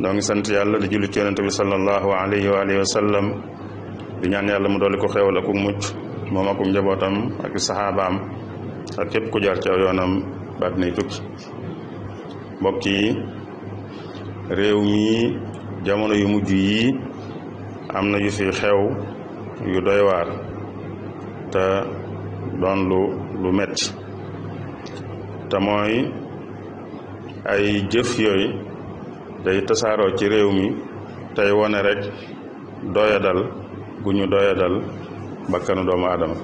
noo ngi sant yàlla di julli ci yonente bi sallallahu alayhi wa alihi wa sallam di ñaan yàlla mu doole ko xéewal ak mucc moom ak njabootam ak saxaabaam ak képp ku jaar ci aw yoonam baat tukki mbokk yi réew mi jamono yu mujj yii am na yu fi xew yu doy waar te doon lu lu metti te mooy ay jëf yooyu day tasaaroo ci réew mi tey wone rek doyadal gu ñu doyadal bakkanu doomu aadama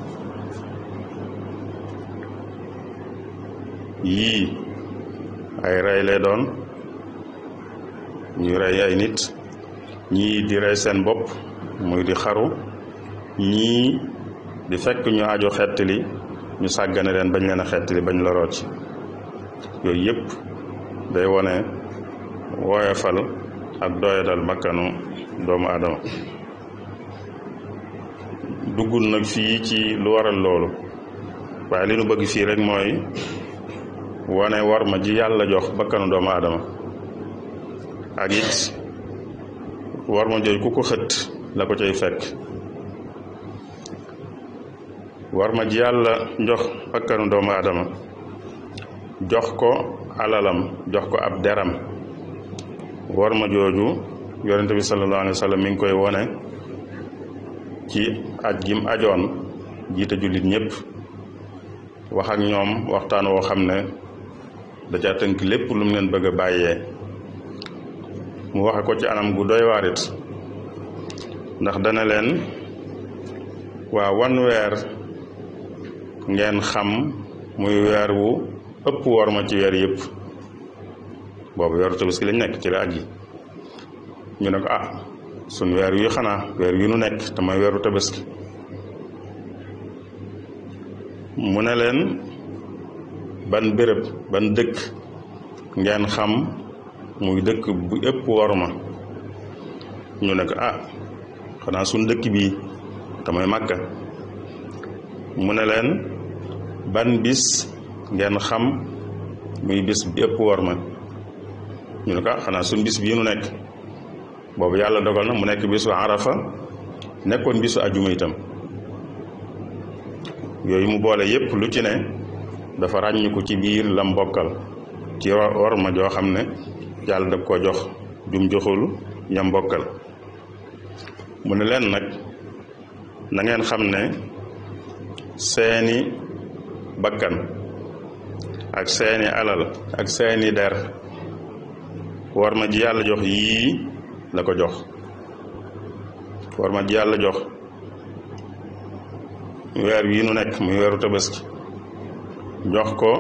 yii ay rey lay doon ñu rey ay nit ñii di rey seen bopp muy di xaru ñii di fekk ñu aju xettali ñu sàggane leen bañ leen a xettali bañ loroo ci yooyu yëpp day wone woyofal ak doyadal makkanu doomu adama duggul nag fii ci lu waral loolu waaye li nu bëgg fii rek mooy wane war ma ji yàlla jox bakkanu doomu adama ak it war ma jooy ku ko xët la ko cay fekk war ma ji yàlla jox bakkanu doomu adama jox ko alalam jox ko ab deram war ma jooju yonente bi sallallahu alayhi wa sallam mi ngi koy wone ci aj gim ajoon jiite jullit ñëpp wax ak ñoom waxtaan woo xam ne da tënk lépp lum mu leen bëgg a bàyyee mu waxe ko ci anam gu doy waarit ndax dana leen waa wan weer ngeen xam muy weer wu ëpp worma ci weer yépp boobu weeru ki lañ nek ci la ñu nak ah sun weer yu xana weer wi ñu nek te mooy weeru ki mu ne len ban bërepp ban dëkk ngeen xam muy dëkk bu ëpp worma ñu nak ah xana sun dëkk bi te mooy makka mu ne len ban bis ngeen xam muy bis bi ëpp worma ñu ne ko ah, xanaa suñ bis bii nu nekk boobu yàlla dogal na mu nekk bisu rafa nekkoon bisu ajuma itam yooyu mu boole yépp lu ci ne dafa ràññu ko ci biir lam bokkal ci war ma joo xam ne yàlla daf koo jox jum joxul ñam bokkal mu ne leen nag na ngeen xam ne seeni bakkan ak seeni alal ak seeni der war ma ji yàlla jox yii la ko jox war ma ji yàlla jox weer wii nu nekk muy weeru tabaski jox ko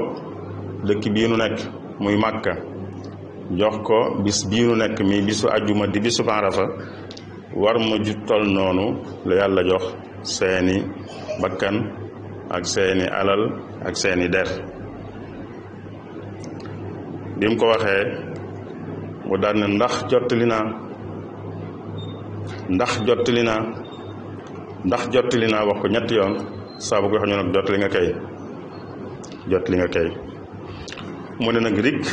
dëkk bii nu nekk muy màkka jox ko bis bii nu nekk muy bisu ajjuma di bisu Arafa war ma ju tol noonu la yàlla jox seeni bakkan ak seeni alal ak seeni der bi mu ko waxee mu daan ne ndax jottali naa ndax jottali naa ndax jottali naa wax ko ñett yoon saa bu ko xam ñu nag jottali nga kay jottali nga kay mu ne nag rikk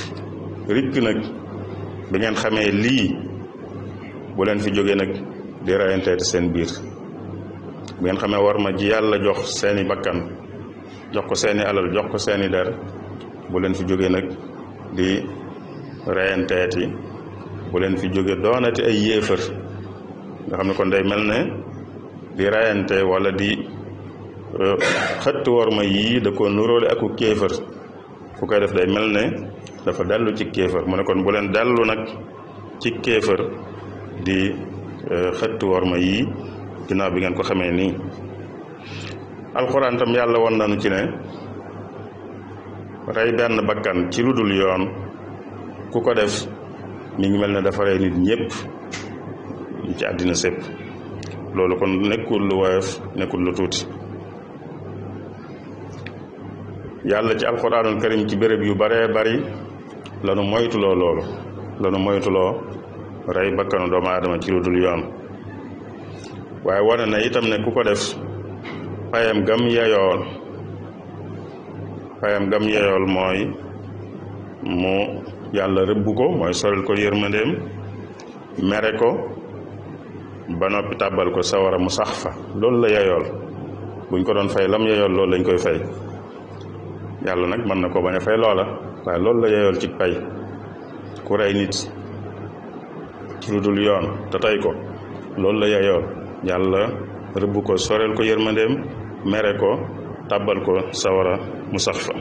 rikk nag bi ngeen xamee lii bu leen fi jógee nag di rayanteeti seen biir bi ngeen xamee war ma ji yàlla jox seeni bakkan jox ko seeni alal jox ko seeni der bu leen fi jógee nag di reyanteeti bu leen fi jóge doonati ay yéefër nga xam ne kon day mel ne di rayante wala di xëtt war ma yii da ko nuróole aku kéefër fu koy def day mel ne dafa dellu ci kéefër mu ne kon bu leen dellu nag ci kéefër di xëtt war ma yii ginnaaw bi ngeen ko xamee nii alxuraan tam yàlla won nañu ci ne rey benn bakkan ci lu dul yoon ku ko def mi ngi mel ne dafa rey nit ñëpp ci àddina sépp loolu kon nekkul lu woyof nekkul lu tuuti yàlla ci alxuraanul këriñ ci béréb yu bare bari lanu moytuloo loolu lanu moytuloo rey bakkanu doomu aadama ci lu dul yoon waaye wone na itam ne ku ko def payam gam yeyool payam gam yeyool mooy mu yàlla rëbb ko mooy soril ko yërmandeem mere ko ba noppi tàbbal ko sawara mu sax fa loolu la yeyool buñ ko doon fay lam yeyool loolu lañ koy fay yàlla nag mën na ko bañ a fay loola waaye loolu la yeyool ci pay ku rey nit ci lu dul yoon te tey ko loolu la yeyool yàlla rëbb ko soreel ko yërmandeem mere ko tàbbal ko sawara mu sax fa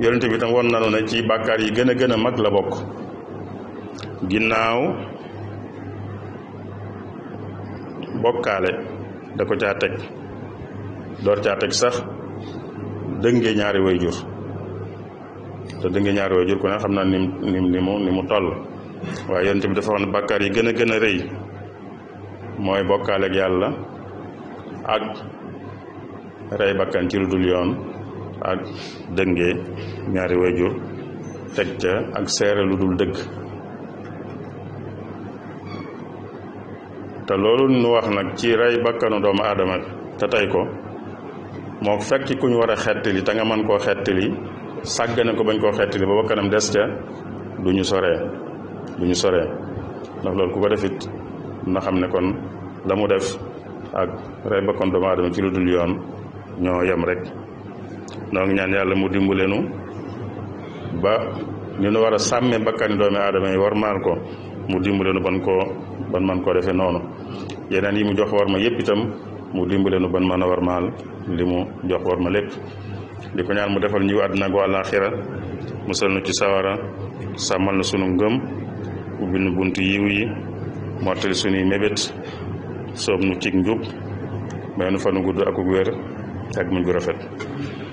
yonent bi tam woon nanu na ci bàkkaar yi gën a gën a mag la bokk ginnaaw bokkaale da ko caa teg door caa teg sax dënge ñaari way jur te dënge ñaari way jur ku ne xam naa ni ni ni mu ni mu toll waaye yonent bi dafa wax ne bàkkaar yi gën a gën a rëy mooy bokkaale ak yàlla ak rey bakkan ci lu dul yoon ak dëngee ñaari wayjur teg ca ak seere lu dul dëgg te loolu nu wax nag ci rey bakkanu doomu aadama te tey ko moo fekki ku ñu war a xettali te nga mën koo xettali sàggane ko bañ koo xettali ba kanam des ca du ñu soree du ñu soree ndax loolu ku ko defit na xam ne kon la mu def ak rey bakkan doomu aadama ci lu dul yoon ñoo yem rekk noo ngi ñaan yàlla mu dimbaleenu ba li nu war a sàmmee bakkani doomi aadama yi war maal ko mu dimbaleenu ban koo ban man koo defee noonu yeneen yi mu jox war ma yépp itam mu dimbaleenu nu mën a war maal li mu jox war ma lépp li ko ñaan mu defal ñiw àddina gu mu musal nu ci sawara sàmmal na sunu ngëm ubbil nu bunt yiw yi mottali sunuy mébét soob nu cig njub may nu fanu gudd ak wér ak muñ gu rafet